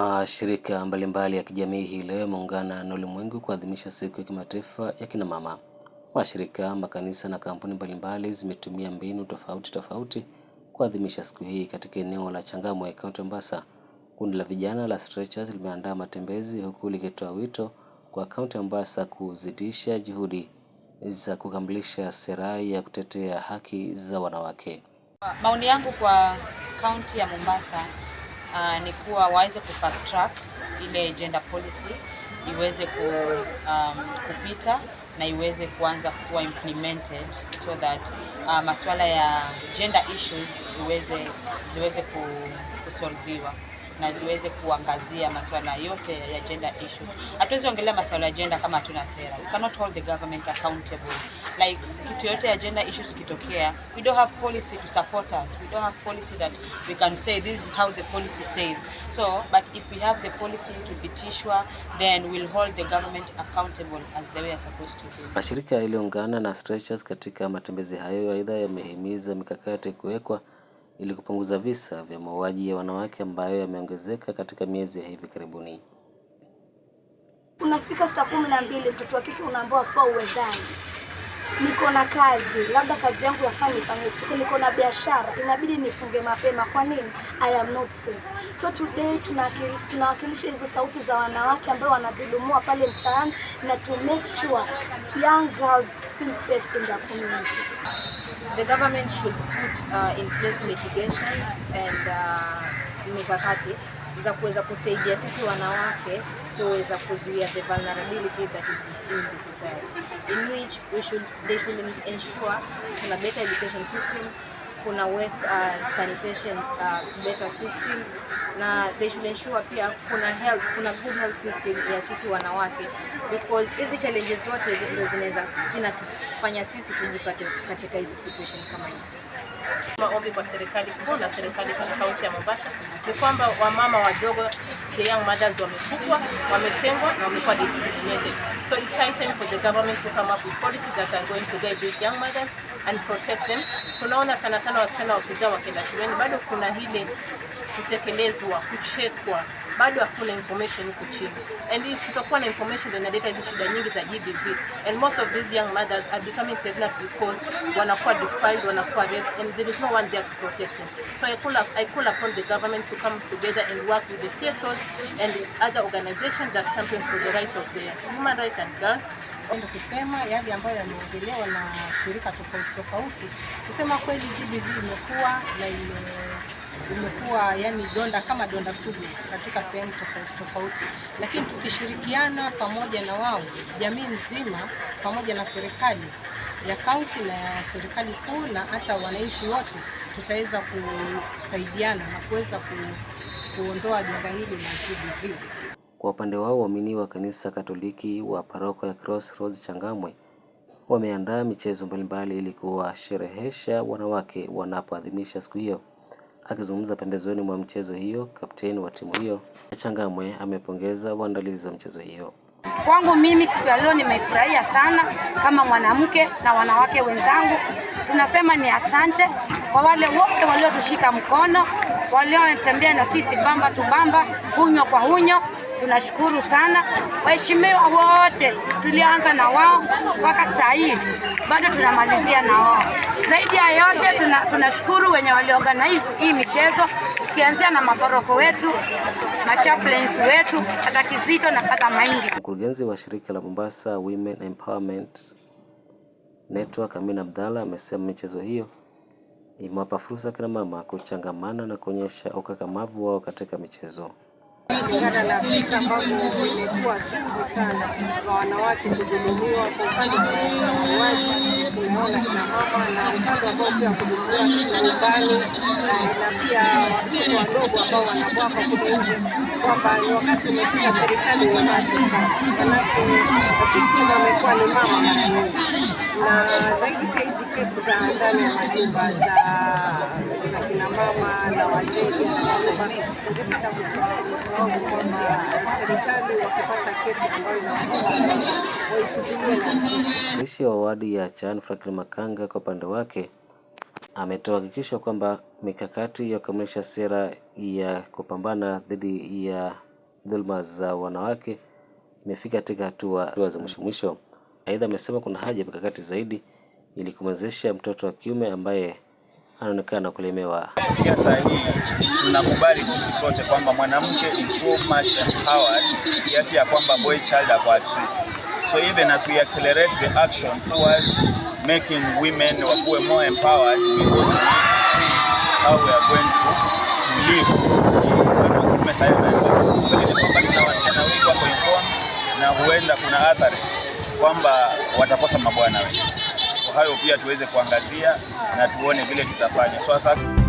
Mashirika mbalimbali ya kijamii hii leo yameungana na ulimwengu kuadhimisha siku ya kimataifa ya kina mama. Mashirika, makanisa na kampuni mbalimbali zimetumia mbinu tofauti tofauti kuadhimisha siku hii. Katika eneo la Changamwe, kaunti Mombasa, kundi la vijana la Stretchers limeandaa matembezi huku likitoa wito kwa kaunti ya Mombasa kuzidisha juhudi za kukamilisha sera ya kutetea haki za wanawake. Maoni yangu kwa kaunti ya Mombasa uh, ni kuwa waweze kufast track ile gender policy iweze ku, um, kupita na iweze kuanza kuwa implemented so that uh, ah, masuala ya gender issues ziweze, ziweze kusolviwa na ziweze kuangazia masuala yote ya gender issue. Hatuwezi ongelea masuala ya gender kama hatuna sera. We cannot hold the government accountable. Like kitu yote ya gender issues kitokea, we don't have policy to support us. We don't have policy that we can say this is how the policy says. So, but if we have the policy to be tishwa, then we'll hold the government accountable as they were supposed to do. Mashirika yaliyoungana na stretchers katika matembezi hayo aidha yamehimiza mikakati kuwekwa ili kupunguza visa vya mauaji ya wanawake ambayo yameongezeka katika miezi ya hivi karibuni. Unafika saa kumi na mbili mtoto wa kike unaambiwa fua uwezani niko na kazi, labda kazi yangu yafaa nifanye usiku, niko na biashara inabidi nifunge mapema. Kwa nini? I am not safe. So today tunawakilisha hizo sauti za wanawake ambao wanadhulumiwa pale mtaani na to make sure young girls feel safe in the community. The government should put uh, in place mitigations and uh, mikakati za kuweza kusaidia sisi wanawake kuweza kuzuia the vulnerability that is in the society in which we should, they should ensure kuna better education system kuna waste uh, sanitation uh, better system na they should ensure pia kuna health, kuna good health system ya sisi wanawake because hizi challenges zote ndio zinaweza zinatufanya sisi tujipate katika hizi situation kama hizi. Maombi kwa serikali kuu na serikali kuu kaunti ya Mombasa ni kwamba wamama wadogo, the young mothers, wamefukwa, wametengwa na wamekuwa discriminated. So it's high time for the government to come up with policies that are going to guide these young mothers and protect them. Tunaona sana sana wasichana wakizaa wakienda shuleni bado kuna hili kutekelezwa, kuchekwa bado hakuna information huko chini, and kutakuwa na information ndio inaleta hizi shida nyingi za GBV, and most of these young mothers are becoming pregnant because wanakuwa defiled, wanakuwa raped, and there is no one there to protect them. So I call up, I call upon the government to come together and work with the CSOs and other organizations that champion for the rights of the human rights and girls enda kusema yale ambayo yameongelewa na shirika tofauti tofauti. Kusema kweli, GBV imekuwa na ime imekuwa yani donda kama donda sugu katika sehemu tofauti tofauti, lakini tukishirikiana pamoja na wao, jamii nzima pamoja na serikali ya kaunti na ya serikali kuu na hata wananchi wote, tutaweza kusaidiana na kuweza ku, kuondoa janga hili la GBV. Kwa upande wao, waamini wa kanisa Katoliki wa paroko ya Crossroads Changamwe wameandaa michezo mbalimbali ili kuwasherehesha wanawake wanapoadhimisha siku hiyo. Akizungumza pembezoni mwa mchezo hiyo, kapteni wa timu hiyo Changamwe amepongeza uandalizi wa mchezo hiyo. Kwangu mimi siku ya leo nimefurahia sana kama mwanamke na wanawake wenzangu, tunasema ni asante kwa wale wote waliotushika mkono, waliotembea na sisi bamba tubamba, hunyo kwa hunyo Tunashukuru sana waheshimiwa wote, tulianza na wao mpaka saa hii bado tunamalizia na wao. Zaidi ya yote tunashukuru tuna wenye walioorganize hii michezo, tukianzia na maporoko wetu, machaplains wetu, hata Kizito na hata Maingi. Mkurugenzi wa shirika la Mombasa Women Empowerment Network Amina Abdalla amesema michezo hiyo imewapa fursa kina mama kuchangamana na kuonyesha ukakamavu wao katika michezo. Kulingana na visa ambavyo vimekuwa vingi sana kwa wanawake kudhulumiwa kwa upande wa mauaji, tumeona kina mama na upande ambao pia kudhulumiwa nyumbani eh, na pia watoto wadogo ambao wanabwaka kule nje, kwamba ni wakati umefika serikali iwamaze sana, manake victim amekuwa ni mama mara nyingi na za ndani ya majumba za kina mama na wazee kwamba serikali wakipata kesi ambayo wa wadi ya Chan Franklin Makanga kwa upande wake ametoa hakikisho kwamba mikakati ya kukamilisha sera ya kupambana dhidi ya dhulma za wanawake imefika katika hatua za mwisho mwisho. Aidha, amesema kuna haja ya mikakati zaidi ili kumwezesha mtoto wa kiume ambaye anaonekana kulemewa. Pia saa hii tunakubali sisi sote kwamba mwanamke is so much empowered kiasi ya kwamba boy child ako at risk. So even as we accelerate the action towards making women wakuwe more empowered we also need to see how we are going to, to live. Tuna wasichana wengi wako informed na huenda kuna athari kwamba watakosa mabwana wengi hayo pia tuweze kuangazia na tuone vile tutafanya sasa.